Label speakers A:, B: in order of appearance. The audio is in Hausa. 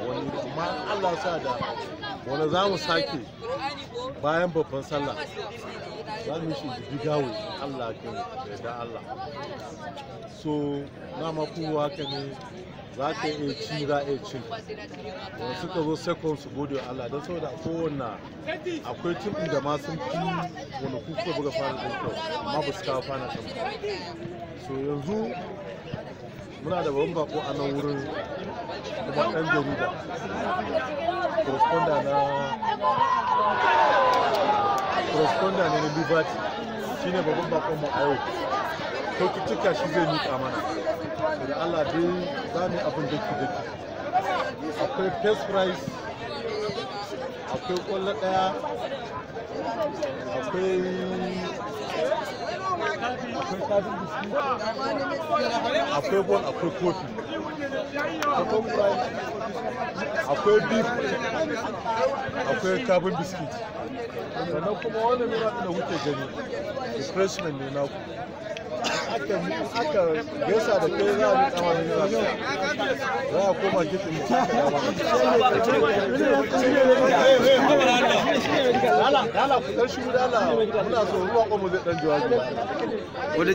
A: wani amma allah sa da wani za mu sake bayan babban sallah za mu shi bi jigawo allah kan da allah so na makowa haka ne za ka iya ci za a iya cin da suka zo second su gode Allah don saboda kowanne akwai tim da ma sun fi wani kuka buga fara da kyau amma ba su kawo fana kan so yanzu muna da babban bako a nan wurin kuma ɗan jarida corresponder na corresponder ne na liberty shine babban bakon mu a yau kyaututtuka shi zai miƙa mana da allah dai za mu abin daki daki akwai first price akwai ƙwallo ɗaya akwai akwai kafin akwai bon akwai kofi akwai beef akwai kafin biski sannan kuma wani mura da kuke gani refreshment ne naku aka da kai za a kama ne za a koma gitin da ba Dala ku dan shi dala muna so ruwan mu zai dan jawabi.